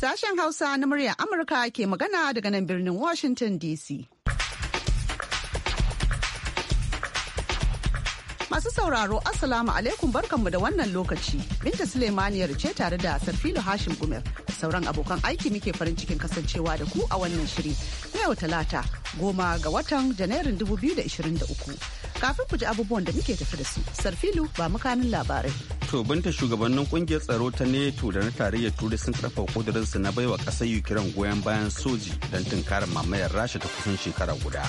Sashen Hausa na murya Amurka ke magana daga nan birnin Washington DC. Masu sauraro Assalamu alaikum barkanmu da wannan lokaci. Binta Suleimaniyar ce tare da Sarfilu Hashim Gumer da sauran abokan aiki muke farin cikin kasancewa da ku a wannan shiri na yau talata goma ga watan Janairun 2023. Kafin ku ji abubuwan da muke tafi da su, Sarfilu ba mukanin labarai. To binta shugabannin kungiyar tsaro ta NATO da na tarayyar turai sun karfa kudurinsu na baiwa ƙasar Ukraine goyon bayan soji don tunkarar mamayar Rasha ta kusan shekara guda.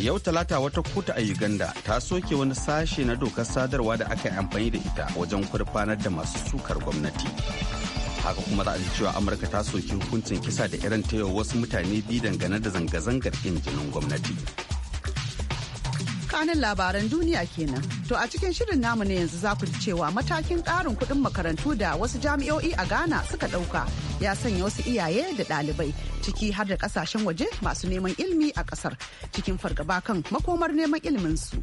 Yau talata wata kuta a Uganda ta soke wani sashe na dokar sadarwa da aka yi amfani da ita wajen kurfanar da masu sukar gwamnati. Haka kuma za a ji cewa Amurka ta soki hukuncin kisa da irin ta wasu mutane biyu dangane da zanga-zangar injinin gwamnati. kanin labaran duniya kenan. To a cikin shirin namu ne yanzu za ku ji cewa matakin ƙarin kuɗin makarantu da wasu jami'o'i a Ghana suka ɗauka ya sanya wasu iyaye da ɗalibai ciki har da ƙasashen waje masu neman ilimi a ƙasar cikin fargaba kan makomar neman ilimin su.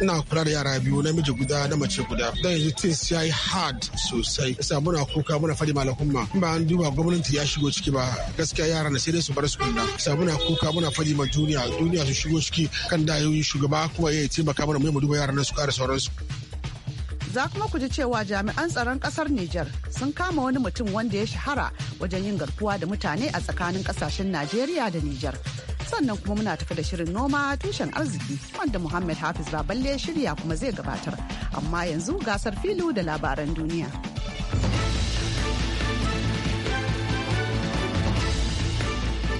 ina kula da yara biyu namiji guda na mace guda don yanzu things ya yi hard sosai yasa muna kuka muna fadi malakun ma ba an duba gwamnati ya shigo ciki ba gaskiya yara na sai dai su bar su kunna yasa muna kuka muna fadi ma duniya duniya su shigo ciki kan da dayoyin shugaba kuma ya taimaka mana mu duba yara na su kara sauransu za kuma ku ji cewa jami'an tsaron kasar Nijar sun kama wani mutum wanda ya shahara wajen yin garkuwa da mutane a tsakanin kasashen Najeriya da Nijar. sannan kuma muna tafi da shirin noma tushen arziki wanda Muhammad Hafiz Baballe shirya kuma zai gabatar. Amma yanzu gasar filu da labaran duniya.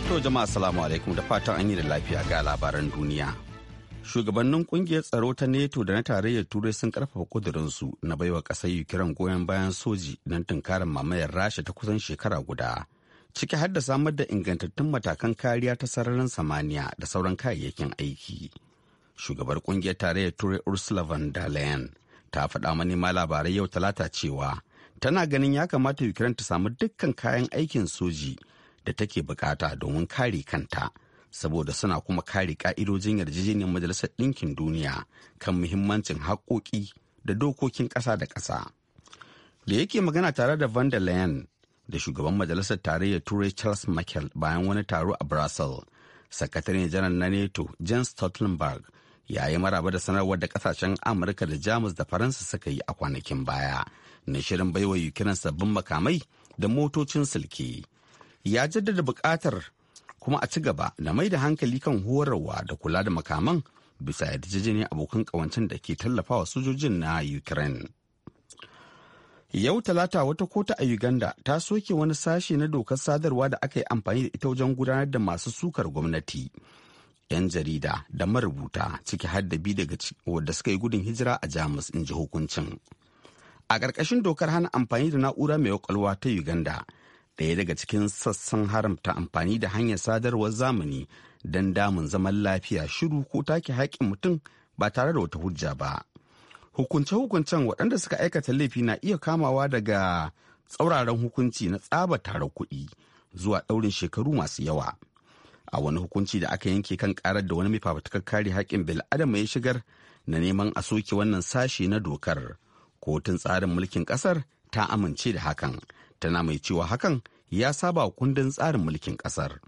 To jama'a salamu alaikum da fatan an yi da lafiya ga labaran duniya. Shugabannin kungiyar tsaro ta neto da na tarayyar Turai sun karfafa kudurinsu na baiwa ƙasar Ukraine goyon bayan soji don tunkarar mamayar Rasha ta kusan shekara guda. ciki har da samar da ingantattun matakan kariya ta sararin samaniya da sauran kayayyakin aiki. Shugabar kungiyar tarayyar Turai Ursula von der Leyen ta faɗa manema labarai yau talata cewa tana ganin ya kamata Ukraine ta samu dukkan kayan aikin soji da take bukata domin kare kanta saboda suna kuma kare ka'idojin yarjejeniyar majalisar ɗinkin duniya kan muhimmancin haƙoƙi da dokokin ƙasa da ƙasa. Da yake magana tare da van der Leyen da shugaban majalisar tarayyar turai charles michael bayan wani taro a brussels sakataren janar na neto james stoltenberg ya yi maraba da sanarwar da kasashen amurka da jamus da faransa suka yi a kwanakin baya na shirin baiwa yukiran sabbin makamai da motocin silke ya jaddada buƙatar kuma a ci gaba da mai da hankali kan horarwa da kula da makaman bisa yarjejeniyar abokan ƙawancen da ke tallafawa sojojin na ukraine Yau Talata wata kota a Uganda ta soke wani sashe na dokar sadarwa da aka yi amfani da ita wajen gudanar da masu sukar gwamnati. 'Yan jarida da marubuta ciki har da daga wadda suka yi gudun hijira a Jamus in ji hukuncin. A ƙarƙashin dokar hana amfani da na'ura mai kwakwalwa ta Uganda, ɗaya daga cikin sassan haramta amfani da hanyar sadarwar zamani don damun zaman lafiya shiru ko take haƙƙin mutum ba tare da wata hujja ba. hukunce-hukuncen waɗanda suka aikata laifi na iya kamawa daga tsauraran hukunci na tsaba tare kuɗi zuwa ɗaurin shekaru masu yawa a wani hukunci da aka yanke kan karar da wani mai fafutukar kare haƙƙin bil'adama ya shigar na neman a soke wannan sashe na dokar kotun tsarin mulkin ƙasar ta amince da hakan tana mai cewa hakan ya saba kundin tsarin mulkin ƙasar.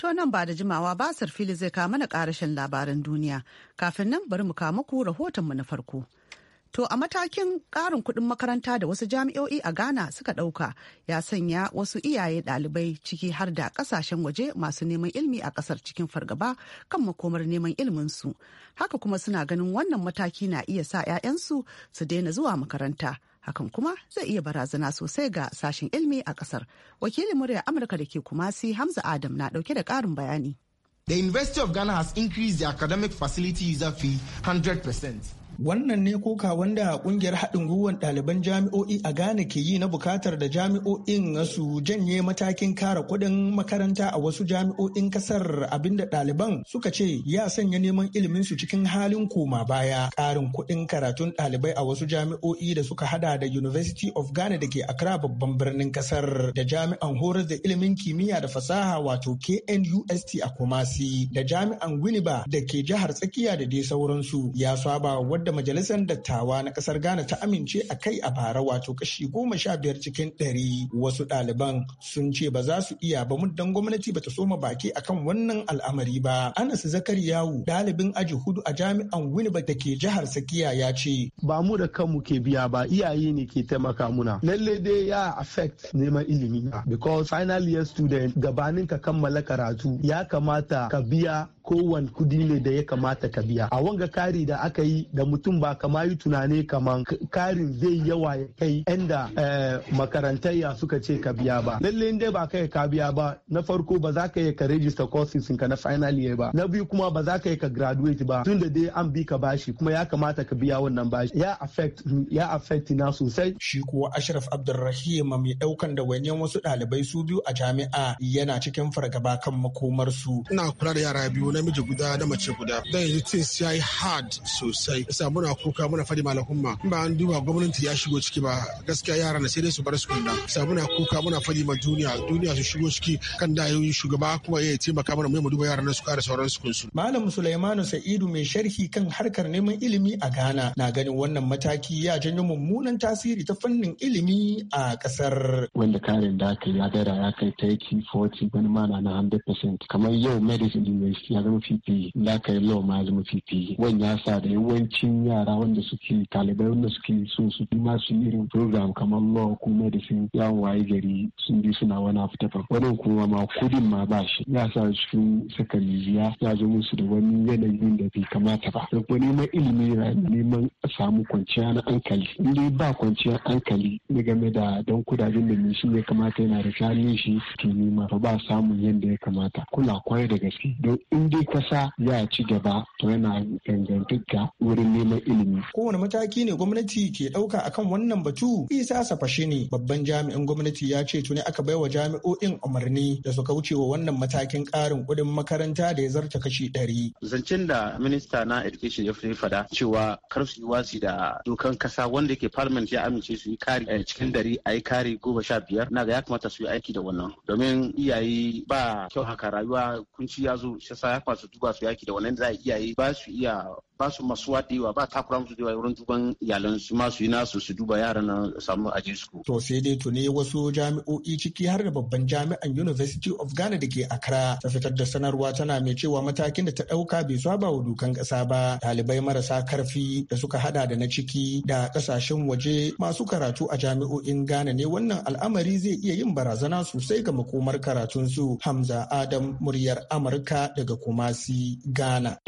To nan ba da jimawa ba fili zai kawo mana karashin labaran duniya. Kafin nan bari mu kawo muku mu na farko. To a matakin ƙarin kuɗin makaranta da wasu jami'o'i a Ghana suka ɗauka ya sanya wasu iyaye ɗalibai ciki har da ƙasashen waje masu neman ilimi a ƙasar cikin fargaba kan makomar neman ilminsu. Haka kuma suna ganin wannan mataki na iya sa 'ya'yansu su daina zuwa makaranta. hakan kuma zai iya barazana sosai ga sashen ilmi a kasar wakilin murya amurka da ke kumasi hamza adam na dauke da karin bayani The University of Ghana has increased the academic facility user fee 100%. Wannan ne koka wanda kungiyar haɗin gwiwar ɗaliban jami'o'i a Ghana ke yi na bukatar da jami'o'in su janye matakin kara kuɗin makaranta a wasu jami'o'in kasar abinda ɗaliban suka ce ya sanya neman ilimin su cikin halin koma baya. Karin kuɗin karatun ɗalibai a wasu jami'o'i da suka hada da University of Ghana da ke Accra babban birnin kasar da jami'an horar da ilimin kimiyya da fasaha wato KNUST a Kumasi da jami'an Winneba da ke jihar tsakiya da dai sauransu ya saba wadda da majalisar dattawa na kasar Ghana ta amince a kai a bara wato kashi goma sha biyar cikin ɗari wasu ɗaliban sun ce ba za su iya ba muddan gwamnati ba ta soma baki akan wannan al'amari ba. Anas Zakariyawu ɗalibin aji hudu a jami'an Winnipeg da ke jihar Sakiya ya ce. Ba mu da kanmu ke biya ba iyaye ne ke taimaka muna. Lalle dai ya affect neman ilimi because final year student gabanin ka kammala karatu ya kamata ka biya kowane kudi ne da ya kamata ka biya a wanga kari da aka yi da mutum ba kama yi tunani kaman karin zai yawa ya kai eh, makarantar ya suka ce ka biya ba lalle inda ba kai ka biya ba na farko ba za ka yi ka register courses ka na final year ba na biyu kuma ba za ka yi ka graduate ba tunda dai an bi ka bashi kuma ya kamata ka biya wannan bashi ya affect ya affect na sosai shi kuwa Ashraf Abdulrahim mai daukan da wanyan wasu ɗalibai su biyu a jami'a yana cikin fargaba kan su ina kula da yara biyu namiji guda da mace guda dan yanzu things ya yi hard sosai yasa muna kuka muna fadi malahumma ba an duba gwamnati ya shigo ciki ba gaskiya na sai dai su bar su kunna yasa muna kuka muna fadi ma duniya duniya su shigo ciki kan da yoyin shugaba kuma ya taimaka mana mu duba na su kare sauran su kunsu malam sulaimanu sa'idu mai sharhi kan harkar neman ilimi a ghana na ganin wannan mataki ya janyo mummunan tasiri ta fannin ilimi a kasar wanda karin da aka yi ya ya kai taiki 40 wani mana na 100% kamar yau medicine university zama fifi laka law ma ya zama fifi wani ya sa da yawancin yara wanda suke talibai wanda suke so su bi masu irin program kamar law ko medicine yawon waye gari sun bi suna wani fita fa wani kuma ma kudin ma ba shi ya sa su saka rijiya ya zo musu da wani yanayin da bai kamata ba da kuma neman ilimi na neman samu kwanciya na hankali in dai ba kwanciyar hankali na game da don kudajen da mai shi ya kamata yana da shi to nema ba samun yadda ya kamata kula kwarai da gaske don in dai kasa ya ci gaba to yana dangantaka wurin neman ilimi. Kowane mataki ne gwamnati ke ɗauka akan wannan batu isa safashe ne babban jami'in gwamnati ya ce tuni aka baiwa jami'o'in umarni da su kauce wa wannan matakin ƙarin kuɗin makaranta da ya zarta kashi ɗari. Zancen da minista na education ya fi fada cewa kar su yi watsi da dokan kasa wanda ke parliament ya amince su yi kari eh, cikin dari a yi kari goma sha biyar na ga ya kamata su yi aiki da wannan domin iyaye ba kyau haka rayuwa kunci ya zo shi shafa su duba su yaki da wannan za a iyaye ba su iya ba su masuwa da ba takura musu da wurin duban iyalan su ma su yi nasu su duba yaran nan samu a su. To sai dai tuni wasu jami'o'i ciki har da babban jami'an University of Ghana da ke Accra ta fitar da sanarwa tana mai cewa matakin da ta ɗauka bai saba wa dukan ƙasa ba ɗalibai marasa karfi da suka hada da na ciki da ƙasashen waje masu karatu a jami'o'in Ghana ne wannan al'amari zai iya yin barazana sosai ga makomar karatunsu Hamza Adam muryar Amurka daga Kumasi Ghana.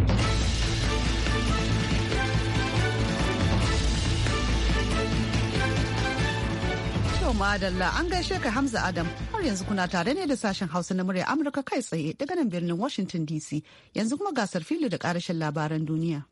madalla an gaishe ka Hamza Adam har yanzu kuna tare ne da sashen Hausa na murya Amurka kai tsaye daga nan birnin Washington DC yanzu kuma gasar fili da karashin labaran duniya.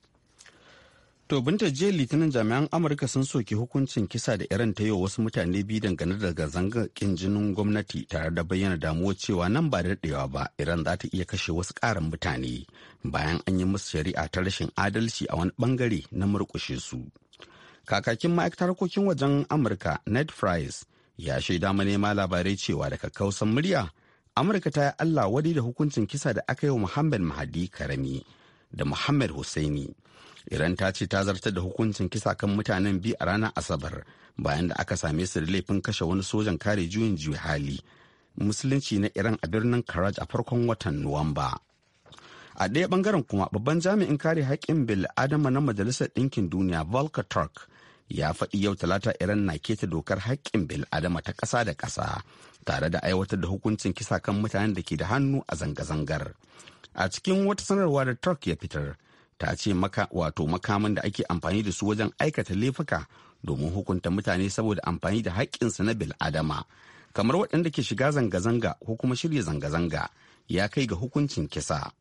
To binta jiya litinin jami'an Amurka sun soki hukuncin kisa da Iran ta yi wa wasu mutane biyu dangane da zanga kin jinin gwamnati tare da bayyana damuwa cewa nan ba da daɗewa ba Iran za ta iya kashe wasu ƙarin mutane bayan an yi musu shari'a ta rashin adalci a wani bangare na murƙushe su. Kakakin ma'aikatar harkokin wajen Amurka Ned Price ya shaida manema labarai cewa daga kausan murya amurka ta yi allah wani da hukuncin kisa da aka yi wa muhammad mahadi karami da muhammad hussaini iran ta ce ta zartar da hukuncin kisa kan mutanen biyu a ranar asabar bayan da aka same su da laifin kashe wani sojan kare juyin juyi hali musulunci na iran a birnin karaj a farkon watan nuwamba a ɗaya bangaren kuma babban jami'in kare haƙƙin bil adama na majalisar ɗinkin duniya volker turk ya faɗi yau talata iran na keta dokar haƙƙin bil adama ta ƙasa da ƙasa tare da aiwatar da hukuncin kisa kan mutanen da ke da hannu a zanga-zangar a cikin wata sanarwa da turk ya fitar ta ce wato makaman da ake amfani da su wajen aikata laifuka domin hukunta mutane saboda amfani da haƙƙinsu na bil adama kamar waɗanda ke shiga zanga-zanga ko kuma shirya zanga-zanga ya kai ga hukuncin kisa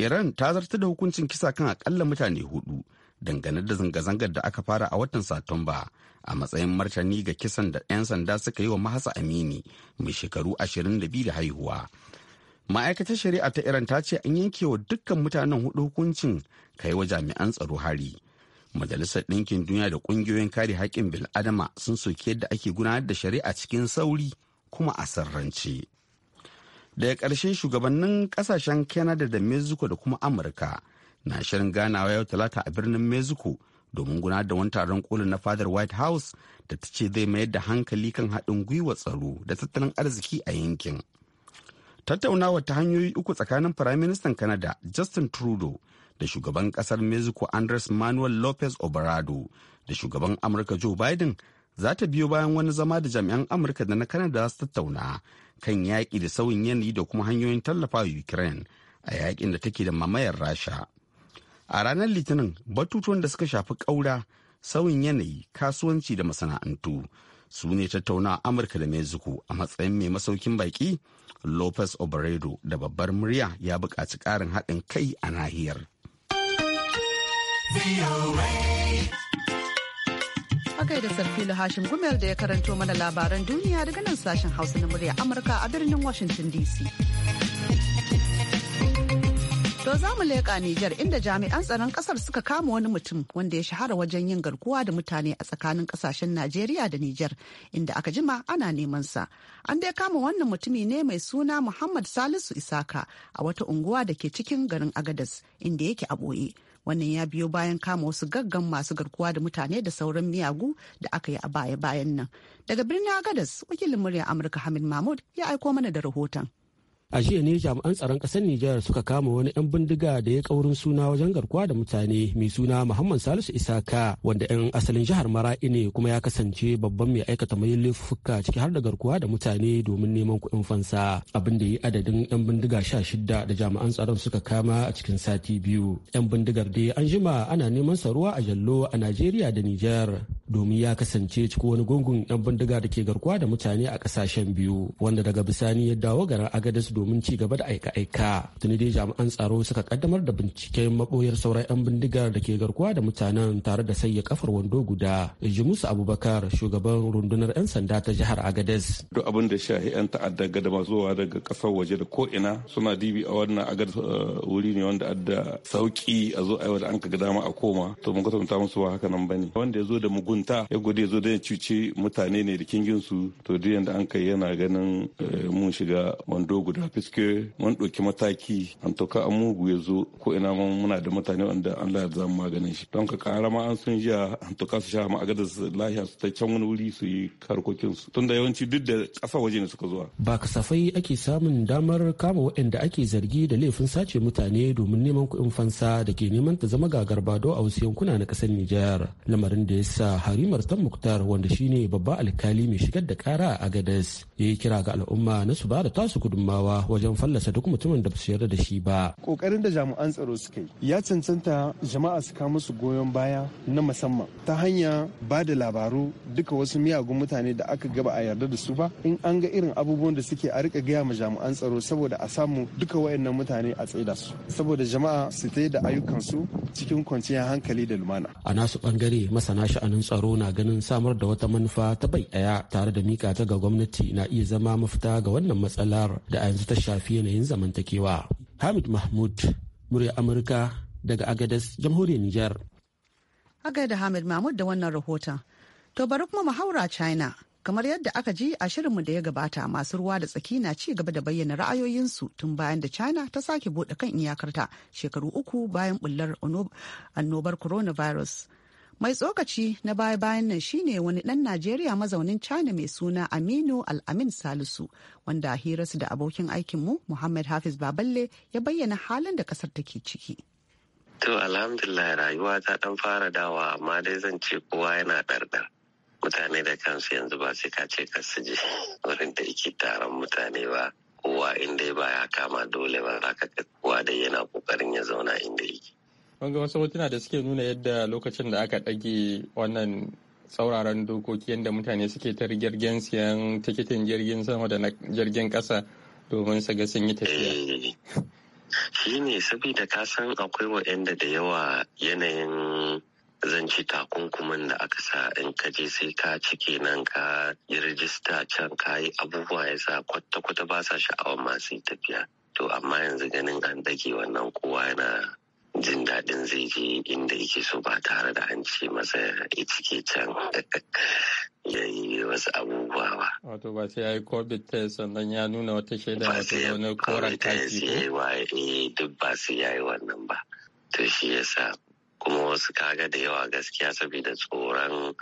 iran ta zartar da hukuncin kisa kan akalla mutane hudu dangane da zanga-zangar da aka fara a watan satumba a matsayin martani ga kisan da 'yan sanda suka yi wa mahasa amini mai shekaru 22 da haihuwa ma'aikatar shari'a ta iran ta ce an yanke wa dukkan mutanen hudu hukuncin kai wa jami'an tsaro hari majalisar ɗinkin duniya da ƙungiyoyin kare haƙƙin bil'adama sun soki yadda ake gudanar da shari'a cikin sauri kuma a sarrance daga ƙarshe shugabannin ƙasashen canada da mexico da kuma amurka na shirin ganawa yau talata a birnin mexico domin gudanar da wani taron koli na fadar white house da ta ce zai mayar da hankali kan haɗin gwiwa tsaro da tattalin arziki a yankin tattaunawa ta hanyoyi uku tsakanin prime firaministan canada justin trudeau da shugaban kasar mexico andres manuel lopez obrado da shugaban amurka joe biden za ta biyo bayan wani zama da jami'an amurka da na canada su tattauna kan yaƙi da sauyin yanayi da kuma hanyoyin tallafa ukraine a yaƙin da take da mamayar rasha A ranar Litinin, batutuwan da suka shafi ƙaura, sauyin yanayi, kasuwanci da masana'antu su ne tattauna Amurka da Mexico a matsayin mai masaukin baki Lopez Obrero da babbar murya ya buƙaci ƙarin haɗin kai a nahiyar. Akai da Sarfilu Hashim Gumel da ya karanto mana labaran duniya daga nan sashen Hausa na murya Amurka a birnin Washington DC. To za mu leƙa Nijar inda jami'an tsaron ƙasar suka kama wani mutum wanda ya shahara wajen yin garkuwa da mutane a tsakanin ƙasashen Najeriya da Nijar inda aka jima ana neman sa. An dai kama wannan mutumi ne mai suna Muhammad Salisu Isaka a wata unguwa da ke cikin garin Agadas inda yake a ɓoye. Wannan ya biyo bayan kama wasu gaggan masu garkuwa da mutane da sauran miyagu da aka yi a baya-bayan nan. Daga birnin Agadas, wakilin muryar Amurka Hamid Mahmud ya aiko mana da rahoton. A jiya ne jami'an tsaron ƙasar Nijar suka kama wani 'yan bindiga da ya kaurin suna wajen garkuwa da mutane mai suna Muhammad Salisu Isaka wanda 'yan asalin jihar Mara'i ne kuma ya kasance babban mai aikata mai laifuka ciki har da garkuwa da mutane domin neman kuɗin fansa abin da ya adadin 'yan bindiga sha shida da jami'an tsaron suka kama a cikin sati biyu. 'Yan bindigar dai an jima ana neman sa a Jallo a Najeriya da Nijar domin ya kasance ciki wani gungun 'yan bindiga da ke garkuwa da mutane a kasashen biyu wanda daga bisani ya dawo garin Agadez domin ci gaba da aika-aika tuni dai jami'an tsaro suka kaddamar da binciken maboyar sauran 'yan bindigar da ke garkuwa da mutanen tare da sanya kafar wando guda ji musu abubakar shugaban rundunar 'yan sanda ta jihar agadez duk abin da shahi 'yan ta'adda gadama masu zuwa daga kasar waje da ko ina suna dibi a wannan agadez eh, wuri ne wanda adda sauki a zo aiwa da an ka dama a koma to mun kasanta musu ba haka nan bane wanda ya zo da mugunta ya gode ya zo da ya cuce mutane ne da kingin su to duk yanda an kai yana ganin eh, mun shiga wando guda gaskiya fiske mun ɗauki mataki an toka an mugu ya zo ko ina muna da mutane wanda Allah ya zama maganin shi don ka kara ma an sun jiya an toka su sha ma'agadar su lahiya su ta can wani wuri su yi karkokin su tunda yawanci duk da ƙasa waje ne suka zuwa. Ba kasafai ake samun damar kama waɗanda ake zargi da laifin sace mutane domin neman kuɗin fansa da ke neman ta zama gagar bado a wasu yankuna na ƙasar Nijar lamarin da ya sa Harimar Tan Muktar wanda shine babba alkali mai shigar da kara a Agadez ya yi kira ga al'umma na su ba da tasu gudummawa wajen fallasa duk mutumin da su yarda da shi ba. Kokarin da jami'an tsaro suka yi ya cancanta jama'a su kawo musu goyon baya na musamman ta hanya ba da labaru duka wasu miyagun mutane da aka gaba a yarda da su ba in an ga irin abubuwan da suke a rika gaya ma jami'an tsaro saboda a samu duka wayannan mutane a tsaida su saboda jama'a su ta da ayyukan su cikin kwanciyar hankali da lumana. A nasu bangare masana sha'anin tsaro na ganin samar da wata manufa ta bai ɗaya tare da mika ta ga gwamnati na iya zama mafita ga wannan matsalar da a yanzu ta shafi yanayin zamantakewa. Hamid Mahmud, murya Amurka daga Agadez, jamhuriyar Nijar. Agada Hamid Mahmud da wannan rahoton. To bari kuma mu haura China. Kamar yadda aka ji a shirinmu da ya gabata masu ruwa da tsaki na ci gaba da bayyana ra'ayoyinsu tun bayan da China ta sake buɗe kan iyakarta shekaru uku bayan bullar annobar coronavirus. mai tsokaci na baya-bayan nan shine wani ɗan najeriya mazaunin china mai suna aminu al amin salisu wanda hirarsu da abokin aikinmu muhammad hafiz baballe ya bayyana halin da ƙasar take ciki to alhamdulillah rayuwa ta ɗan fara dawa amma dai zan ce kowa yana ɗarɗar mutane da kansu yanzu ba sai ka ce ka su je wurin da yake taron mutane ba kowa inda ba ya kama dole ba za ka kowa dai yana kokarin ya zauna inda yake ga wasu hotuna da suke nuna yadda lokacin da aka ɗage wannan tsauraran dokoki yadda mutane suke ta rigirgen siyan tikitin jirgin sama da na jirgin ƙasa domin su ga sun yi tafiya. Eh, shi ne saboda ka san akwai yanda da yawa yanayin zanci takunkuman da aka sa in ka je sai ka cike nan ka yi rijista can ka yi abubuwa ya sa kwata-kwata ba sa sha'awar masu tafiya. To amma yanzu ganin an dage wannan kowa yana jin daɗin zai je inda yake so ba tare da an ce masa ya cike can ya yi wasu abubuwa ba. Wato ba sai ya yi COVID test sannan ya nuna wata shaida wato wani koren taki ko? Ba sai eh, duk ba sai ya yi wannan ba. To shi ya sa kuma wasu kaga da yawa gaskiya saboda tsoron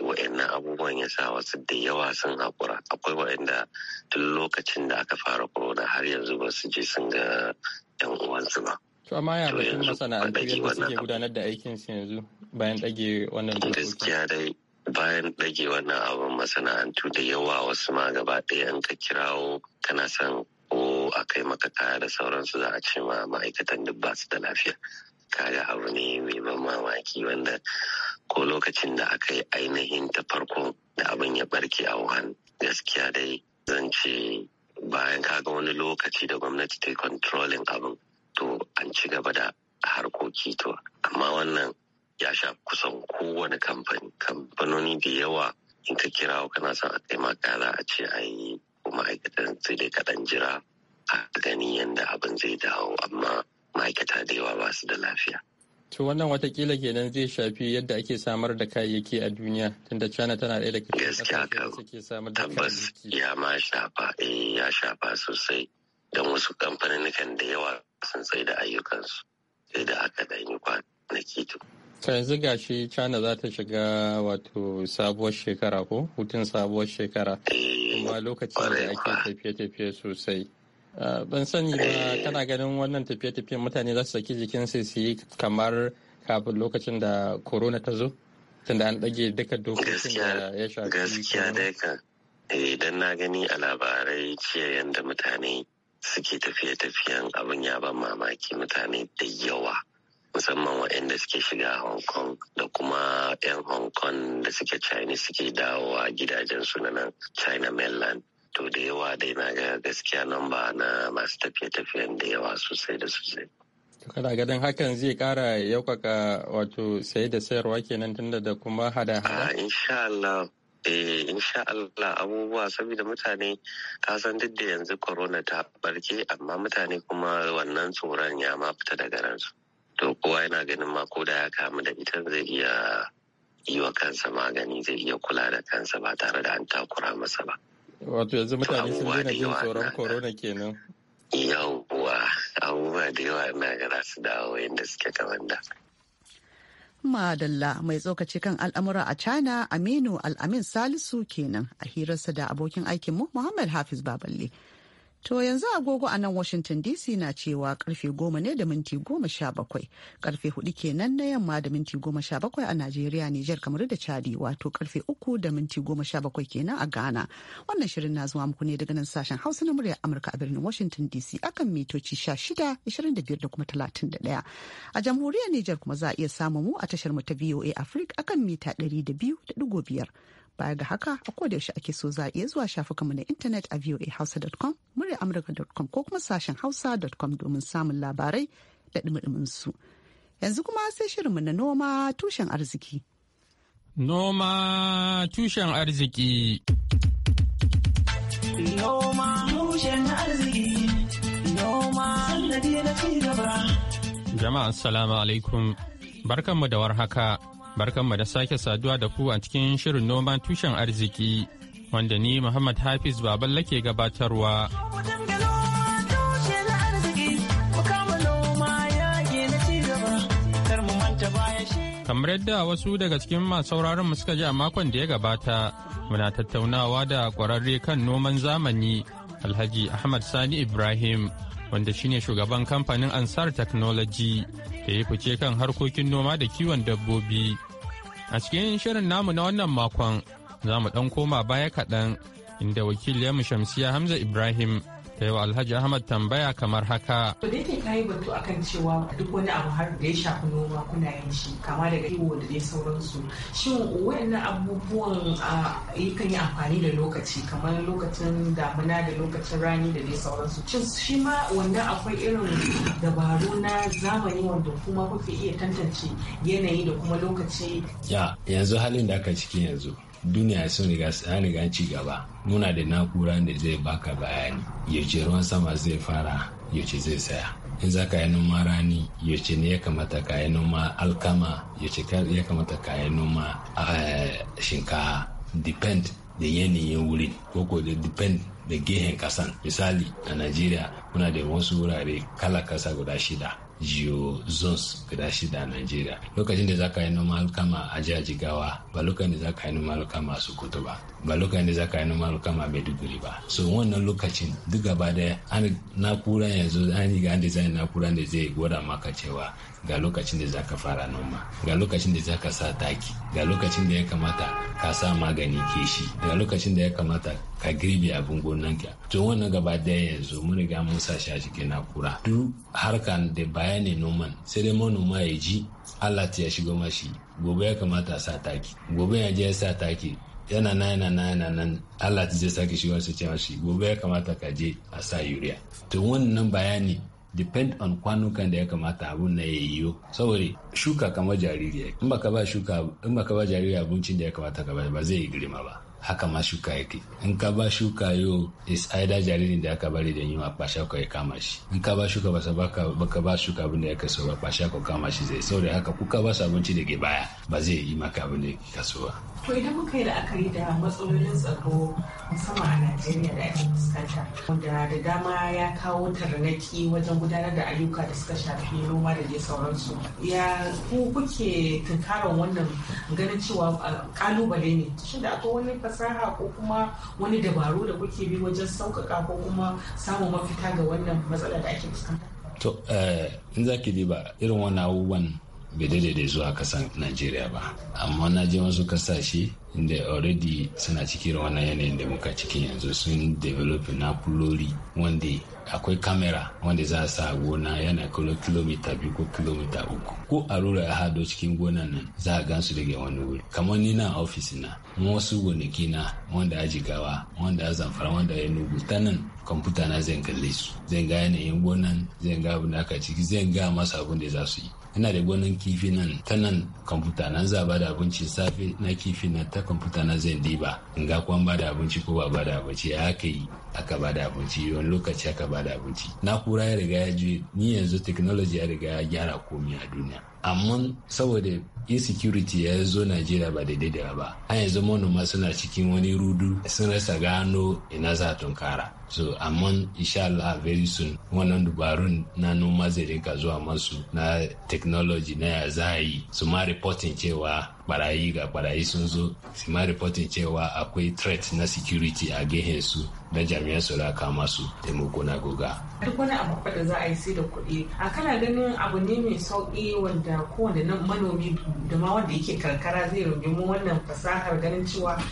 wa'annan abubuwan ya sa wasu da yawa sun haƙura akwai wa'anda tun lokacin da aka fara corona har yanzu ba su je sun ga 'yan uwansu ba. To amma ya masana'antar yadda suke gudanar da aikin su yanzu bayan ɗage wannan Gaskiya dai bayan ɗage wannan abin masana'antu da yawa wasu ma gaba ɗaya an ka kirawo kana san ko a kai maka kaya da sauransu za a ce ma ma'aikatan duk ba su da lafiya. Kaga abu ne mai ban mamaki wanda ko lokacin da aka yi ainihin ta farko da abin ya barke a Wuhan gaskiya dai zan ce bayan kaga wani lokaci da gwamnati ta yi controlling abin to an ci gaba da harkoki to amma wannan ya sha kusan kowane kamfani kamfanoni da yawa in ka kirawo kana son a kai makala a ce an yi kuma ma'aikatan sai dai kaɗan jira a gani yadda abin zai dawo amma ma'aikata da yawa ba su da lafiya. To wannan watakila kenan zai shafi yadda ake samar da kayayyaki a duniya tunda China tana ɗaya da cikin gaskiya kan tabbas ya ma shafa eh ya shafa sosai don wasu kamfanin da yawa sun tsaye da ayyukansu sai da aka da yi kwana kitu. ta yanzu ga shi china za ta shiga wato sabuwar shekara ko hutun sabuwar shekara eh, kuma lokacin da ake tafiye-tafiye sosai ah, ban sani ba eh. kana ganin wannan tafiye tafiye. mutane za su saki jikin su yi kamar kafin lokacin da corona ta zo tunda an ɗage duka dokokin da ya shafi gaskiya dai ka idan eh, na gani a labarai jiya da mutane suke tafiye-tafiyen abin ya ban mamaki mutane da yawa musamman waɗanda suke shiga hong kong da kuma 'yan hong kong da suke chinese suke dawowa gidajensu na nan china mainland to da yawa dai na ga gaskiya nan ba na masu tafiye-tafiyen da yawa sosai da sosai kana ganin hakan zai kara yaukaka wato sai da sayarwa kenan tunda da kuma hada-hada ah, insha Allah eh insha Allah abubuwa saboda mutane ka san duk da yanzu corona ta barke amma mutane kuma wannan tsoron ya ma fita daga ransu to kowa yana ganin ma ko da ya kamu da ita zai iya yi wa kansa magani zai iya kula da kansa ba tare da an takura masa ba wato yanzu mutane sun daina jin tsoron corona kenan yawwa abubuwa da yawa ina gara su dawo yadda suke kamar da Madalla mai tsokaci kan al'amura a China Aminu Al'amin Salisu kenan a hirarsa da abokin aikinmu Muhammad Hafiz Baballe To yanzu agogo a nan Washington DC na cewa karfe goma ne da minti goma sha bakwai. Karfe hudu kenan na yamma da minti goma sha bakwai a Najeriya, Nijar, kamar da Chadi wato karfe uku da minti goma sha bakwai kenan a Ghana. Wannan shirin na zuwa muku ne daga nan sashen Hausa na muryar Amurka a birnin Washington DC akan mitoci sha shida, ishirin da biyar da kuma talatin da ɗaya. A jamhuriyar Nijar kuma za a iya samun mu a tashar mu ta VOA Africa akan mita ɗari da biyu da ɗigo biyar. Baya ga haka a koda yaushe ake so za a iya zuwa shafukanmu na intanet a voahausa.com, muryaamurka.com ko kuma sashen hausa.com domin samun labarai da ɗumi su. Yanzu kuma sai shirinmu na noma tushen arziki. Noma tushen arziki. Noma tushen arziki. Noma sannadi na ci gaba. Jama'a assalamu alaikum. Barkanmu da warhaka. Barkanmu da sake saduwa da ku a cikin shirin noman tushen arziki wanda ni Muhammad Hafiz Baballa ke gabatarwa. Kamar yadda wasu daga cikin masu sauraron mu suka ji a makon da ya gabata, muna tattaunawa da kwararre kan noman zamani Alhaji Ahmad Sani Ibrahim wanda shine shugaban kamfanin Ansar Technology da ya fice kan harkokin noma da kiwon dabbobi. A cikin shirin namu na wannan makon za mu ɗan koma baya kaɗan inda mu Shamsiya Hamza Ibrahim yau Alhaji Ahmad tambaya kamar haka. To da yake kayi batu akan cewa duk wani abu har da ya shafi noma kuna yin shi kama daga kiwo da dai sauransu. Shin wayannan abubuwan yakan yi amfani da lokaci kamar lokacin damuna da lokacin rani da dai sauransu. Shin shi ma wanda akwai irin dabaru na zamani wanda kuma kuke iya tantance yanayi da kuma lokaci. Ya yanzu halin da aka ciki yanzu duniya sun riga an ci gaba muna da na'ura da zai baka bayani yaushe ruwan sama zai fara yaushe zai saya in za ka yi noma rani yaushe ne ya kamata ka yi noma alkama yaushe ya kamata ka yi noma eh, shinkafa depend da yanayin wurin ko ko da depend da gehen kasan misali a najeriya muna da wasu wurare kala kasa guda shida geo zones guda shida a Najeriya. Lokacin da za ka yi noma alkama a jihar Jigawa ba lokacin da za ka yi noma alkama a Sokoto ba. ba lokacin da za ka yi noman alkama a maiduguri ba so wannan lokacin duk gaba da na'ura yanzu an riga an design na'ura da zai gwada maka cewa ga lokacin da za ka fara noma ga lokacin da za ka sa taki ga lokacin da ya kamata ka sa magani keshi ga lokacin da ya kamata ka girbe abin gonanka to wannan gaba daya yanzu mun riga mun sa shi a cikin na'ura duk harkan da bayani noman sai dai manoma ya ji Allah ya shigo mashi gobe ya kamata sa taki gobe ya je ya sa taki yana nan yana nan yana nan Allah zai sake shi wasu cewa shi gobe ya kamata ka je a sa yuriya to wannan bayani depend on kwanukan da ya kamata abun na ya yiwu saboda shuka kamar jaririya in baka ba shuka in baka ba jariri abincin da ya kamata ka ba ba zai yi girma ba haka ma shuka yake in ka ba shuka yau is aida jaririn da aka bari da yunwa kwasha ka ya kama shi in ka ba shuka basa baka baka ba shuka abin da ya kaso ba kwasha ka kama shi zai saboda haka kuka ba su abinci da ke baya ba zai yi maka abin da ka so ba to idan muka yi la'akari da matsalolin tsaro musamman a Najeriya da ake fuskanta wanda da dama ya kawo tarnaki wajen gudanar da ayyuka da suka shafi noma da dai sauransu ya ku kuke tunkarar wannan ganin cewa kalubale ne shin da akwai wani fasaha ko kuma wani dabaru da kuke bi wajen sauƙaƙa ko kuma samun mafita ga wannan matsala da ake fuskanta to eh, in za ki diba irin wani abubuwan bai daidai zuwa kasan najeriya ba amma na je wasu kasashe inda already suna cikin wannan yanayin da muka cikin yanzu sun develop na kulori wanda akwai kamera wanda za a sa gona yana kilo kilomita biyu ko kilomita uku ko a rura ya hado cikin gonan nan za a gansu daga wani wuri kamar ni na ofis na wasu gonaki na wanda a jigawa wanda a zamfara wanda ya nugu ta nan kwamfuta na zan kalle su zan ga yanayin gonan zan ga abin da aka ciki zan ga masu abin da za su yi ina da gonan kifi nan ta nan kwamfuta nan za ba da abinci safe na kifi na ta kwamfuta na zan diba in ga kwan ba da abinci ko ba ba da abinci ya haka yi aka ba da abinci wani lokaci aka ba da abinci kura ya riga ya je ni yanzu technology ya riga ya gyara komi a duniya amma saboda insecurity ya zo Najeriya ba daidai da ba. An yanzu manoma suna cikin wani rudu sun rasa gano ina za a tunkara. So amma insha Allah very soon wannan dubarun na noma zai rinka zuwa masu na technology na ya za yi su ma reporting cewa barayi ga barayi sun zo su ma reporting cewa akwai threat na security a gehen su na jami'an tsaro kama su taimako na goga. Duk wani abu da za a yi sai da kuɗi. A kana ganin abu ne mai sauƙi wanda kowane manomi da ma wanda yake karkara zai mu wannan fasahar ganin cewa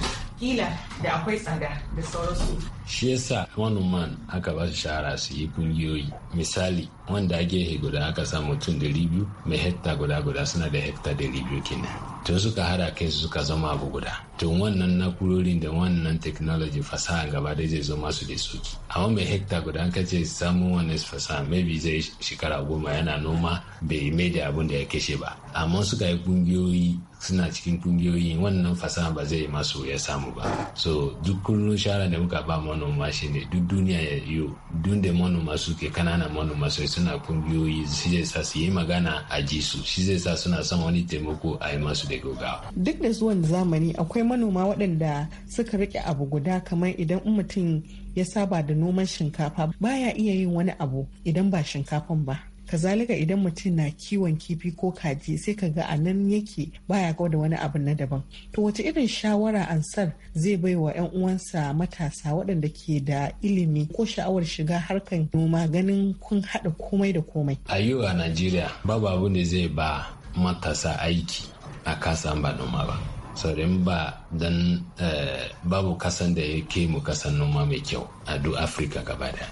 kila da akwai tsada da sauransu. Shi yasa man aka ba su shahara su yi kungiyoyi. Misali wanda gehe guda aka sa mutum dari biyu mai hekta guda guda suna da hekta dari biyu kenan. tun suka hada kai su suka zama abu guda tun wannan na'urorin da wannan technology fasaha gaba dai zai zama su da su a mai hekta guda ka ce samun wani fasaha maybe zai shekara goma yana noma bai mai da abun da ya kashe ba amma suka yi kungiyoyi suna cikin ƙungiyoyi wannan fasaha ba zai masu ya samu ba so duk kullum shara da muka ba manoma shi ne duk duniya ya yiwu duk da manoma suke kanana manoma sai suna kungiyoyi shi zai sa su yi magana a ji su shi zai sa suna son wani taimako a yi masu da gogawa duk da zuwan zamani akwai manoma waɗanda suka rike abu guda kamar idan mutum ya saba da noman shinkafa baya iya yin wani abu idan ba shinkafan ba kazalika idan mutum na kiwon kifi ko kaji sai ka ga a nan yake baya ga da wani abu na daban to wace irin shawara ansar zai bai wa 'yan uwansa matasa waɗanda ke da ilimi ko sha'awar shiga harkan noma ganin kun haɗa komai da komai a yau a najeriya babu abu ne zai ba matasa aiki a kasa ba noma ba saurin ba don eh, babu kasan da ya ke mu kasan noma mai kyau a duk afirka gaba da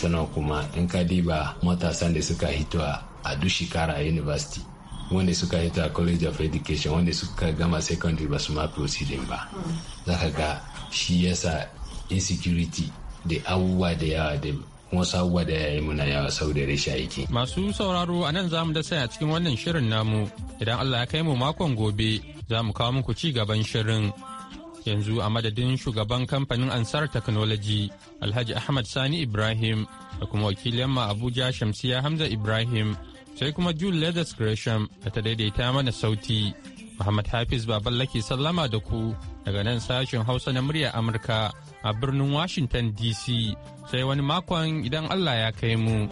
sannan kuma in ka diba matasan da suka hito a duk shekara a university wanda suka hito a college of education wanda suka gama secondary ba su ma proceeding ba mm. za ka ga shi yasa insecurity da abubuwa da yawa da wasu abubuwa da ya muna yawa sau da rashin aiki. Masu sauraro a nan zamu da saya cikin wannan shirin namu idan Allah ya kai mu makon gobe za mu kawo muku ci gaban shirin. Yanzu a madadin shugaban kamfanin Ansar Technology Alhaji Ahmad Sani Ibrahim da kuma wakilin ma Abuja Shamsiya Hamza Ibrahim sai kuma Jule Leathers Gresham da ta daidaita mana sauti. Muhammad Hafiz Baballake sallama da ku daga nan sashen Hausa na muryar Amurka a birnin Washington DC sai wani makon idan Allah ya kai mu.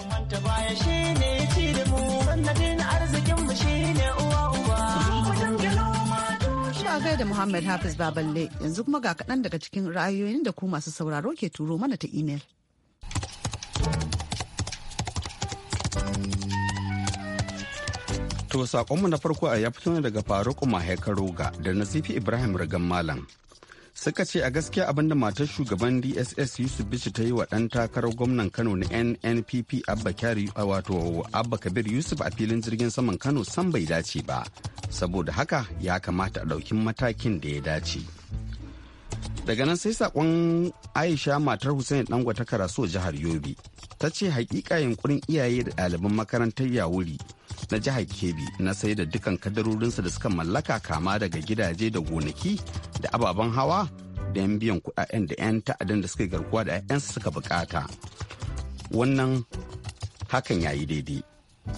gai da Muhammad Hafiz Baballe yanzu kuma ga kaɗan daga cikin ra'ayoyin da ku masu sauraro ke turo mana ta imel. To sakonmu na farko a ya fito ne daga Faruk mahaikaroga da nasifi Ibrahim Rigan Malam. suka ce a gaskiya abinda matar shugaban dss yusuf bishi ta yi wa dan takarar gwamnan kano na nnpp abba kyari wato abba kabir yusuf a filin jirgin saman kano san bai dace ba saboda haka ya kamata a ɗauki matakin da ya dace daga nan sai saƙon aisha matar hussein dangwa ta karaso jihar yobe ta ce hakika yunkurin iyaye da ɗaliban makarantar ya wuri na jihar kebbi na sai da dukkan kadarorinsa da suka mallaka kama daga gidaje da gonaki da ababen hawa da yan biyan kudaden da 'yan ta'adin da suka garkuwa da 'ya'yansa suka bukata wannan hakan yayi daidai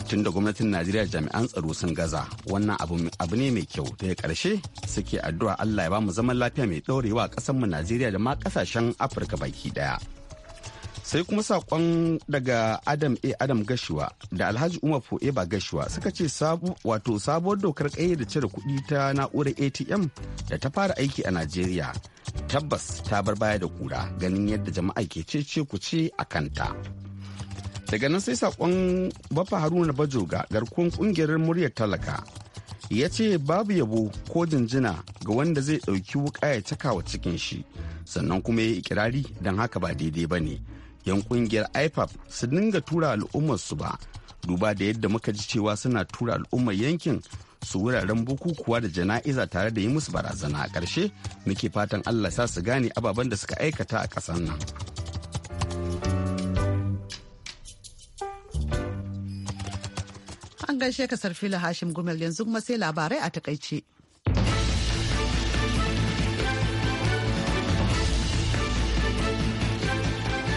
tun da gwamnatin najeriya jami'an tsaro sun gaza wannan abu ne mai kyau daga karshe suke addu'a allah ya ba mu zaman lafiya mai ɗorewa a mu najeriya da ma kasashen afirka baki ɗaya. sai kuma sakon daga adam a adam gashuwa da alhaji umar fo'e ba gashuwa suka ce wato sabuwar dokar da cire kuɗi ta na'urar atm da ta fara aiki a najeriya tabbas ta bar baya da kura ganin yadda jama'a ke ce ku ce a kanta daga nan sai saƙon bafa haruna bajoga garkuwar kungiyar muryar talaka ya ce babu yabo ko jinjina ga wanda zai ɗauki wuƙa ya cakawa cikin shi sannan kuma ya yi ikirari don haka ba daidai ba ne 'yan kungiyar ipap su dinga tura su ba duba da yadda muka ji cewa suna tura al'ummar yankin su wuraren bukukuwa da jana'iza tare da yi musu barazana a ƙarshe muke fatan allah sa su gane ababen da suka aikata a ƙasar nan an gaishe ka sarfila hashim gumel yanzu kuma sai labarai a takaice.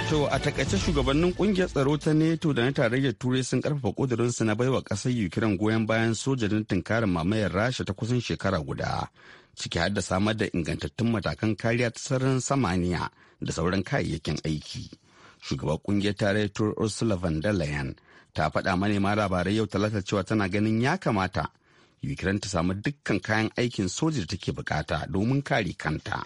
To a takaice shugabannin kungiyar tsaro ta neto da na tarayyar Turai sun karfafa kudurinsu na baiwa kasar Ukraine goyon bayan sojojin tunkarin mamayar Rasha ta kusan shekara guda. Ciki har da samar da ingantattun matakan kariya ta sararin samaniya da sauran kayayyakin aiki. Shugaban kungiyar tarayyar Turai Ursula von der Leyen ta faɗa manema labarai yau talata cewa tana ganin ya kamata Ukraine ta samu dukkan kayan aikin soja da take bukata domin kare kanta.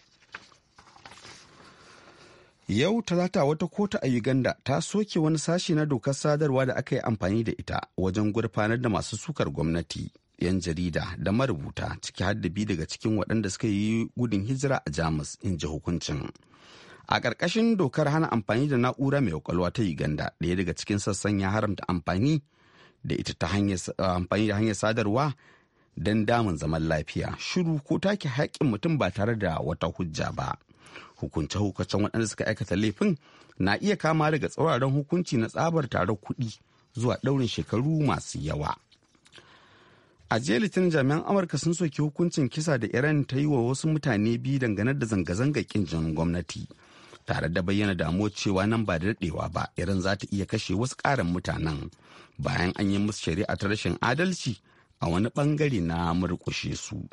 Yau talata wata kota a Uganda ta soke wani sashi na dokar sadarwa da aka yi amfani da ita wajen gurfanar da masu sukar gwamnati, 'yan jarida da marubuta ciki haddabi daga cikin waɗanda suka yi gudun hijira a Jamus in ji hukuncin. A ƙarƙashin dokar hana amfani da na'ura mai kwakwalwa ta Uganda ɗaya daga cikin sassan ya haramta amfani da ita ta ah, amfani da hanyar sadarwa don damun zaman lafiya shiru ko take haƙƙin mutum ba tare da wata hujja ba. hukunce-hukuncen waɗanda suka aikata laifin na iya kama daga tsauraran hukunci na tsabar tare kuɗi zuwa ɗaurin shekaru masu yawa. A jiya litinin jami'an Amurka sun soki hukuncin kisa da Iran ta yi wa wasu mutane biyu dangane da zanga-zanga kin jinin gwamnati. Tare da bayyana damuwa cewa nan ba da daɗewa ba, Iran za ta iya kashe wasu ƙarin mutanen bayan an yi musu shari'a ta rashin adalci a wani ɓangare na murƙushe su.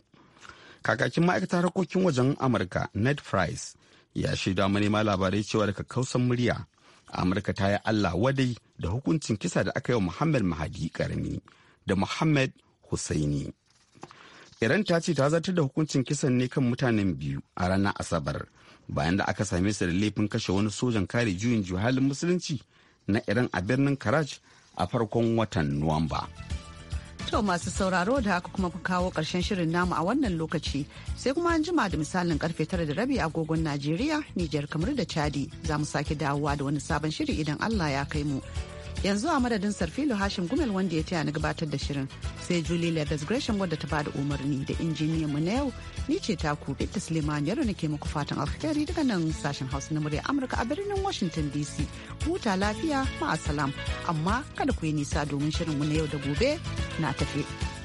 kakakin maaikata harkokin wajen amurka ned price ya shaida manema labarai cewa daga kausan murya amurka ta yi allah wadai da hukuncin kisa da aka yi wa muhammad mahadi karami da muhammad husaini iran ta ce ta zartar da hukuncin kisan ne kan mutanen biyu a ranar asabar bayan da aka same su da laifin kashe wani sojan kare juyin halin musulunci na iran a birnin karaj a farkon watan nuwamba. To masu sauraro da haka kuma kawo ƙarshen shirin namu a wannan lokaci sai kuma an jima da misalin karfe tara da rabi agogon Najeriya, Nijar kamar da Chadi za mu sake dawowa da wani sabon shiri idan Allah ya kai mu. yanzu a madadin sarfilo hashim gumel wanda ya taya ni gabatar da shirin sai julie la gresham wadda ta bada umarni da injiniyan mu na yau ni ce taku bitta suleiman yaro nake muku fatan alkhairi daga nan sashen hausa na murya amurka a birnin washington dc huta lafiya ma'asalam amma kada ku yi nisa domin shirin mu na yau da gobe na tafe.